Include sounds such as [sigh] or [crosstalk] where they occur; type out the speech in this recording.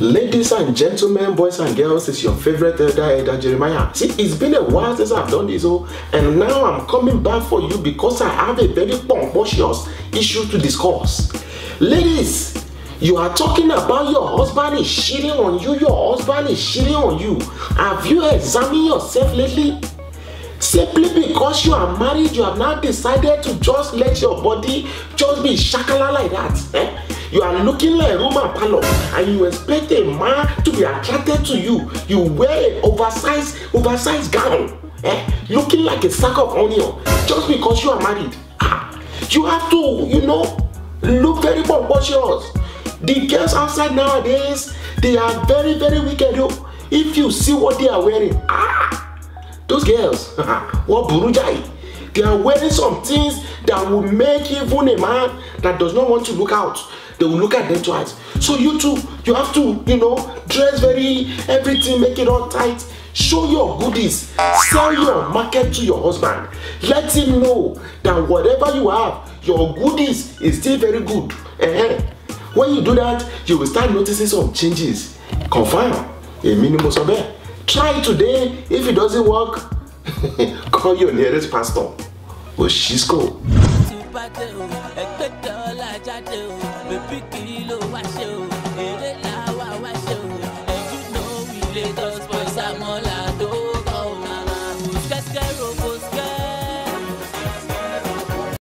Ladies and gentlemen, boys and girls, it's your favorite elder, Elder Jeremiah. See, it's been a while since I've done this, oh, and now I'm coming back for you because I have a very pompous issue to discuss. Ladies, you are talking about your husband is cheating on you, your husband is cheating on you. Have you examined yourself lately? simply because you are married you have now decided to just let your body just be shakala like that eh? you are looking like roman palo and you expect a man to be attracted to you you wear an oversized oversized gown eh? looking like a sack of onion just because you are married ah you have to you know look very purpose the girls outside nowadays they are very very wicked o oh. if you see what they are wearing ah those girls [laughs] what burujai? they are wearing some things that will make even a man that does not want to look out they will look at them twice so you too you have to you know dress very everything make it all tight show your goodies sell your market to your husband let him know that whatever you have your goodies is still very good uh -huh. when you do that you will start noticing some changes Confirm, a minimum mo Try today. If it doesn't work, [laughs] call your nearest pastor or Shisco. Lagos boys, I'm all I do. Go, na na. Skas, skas, robo, skas.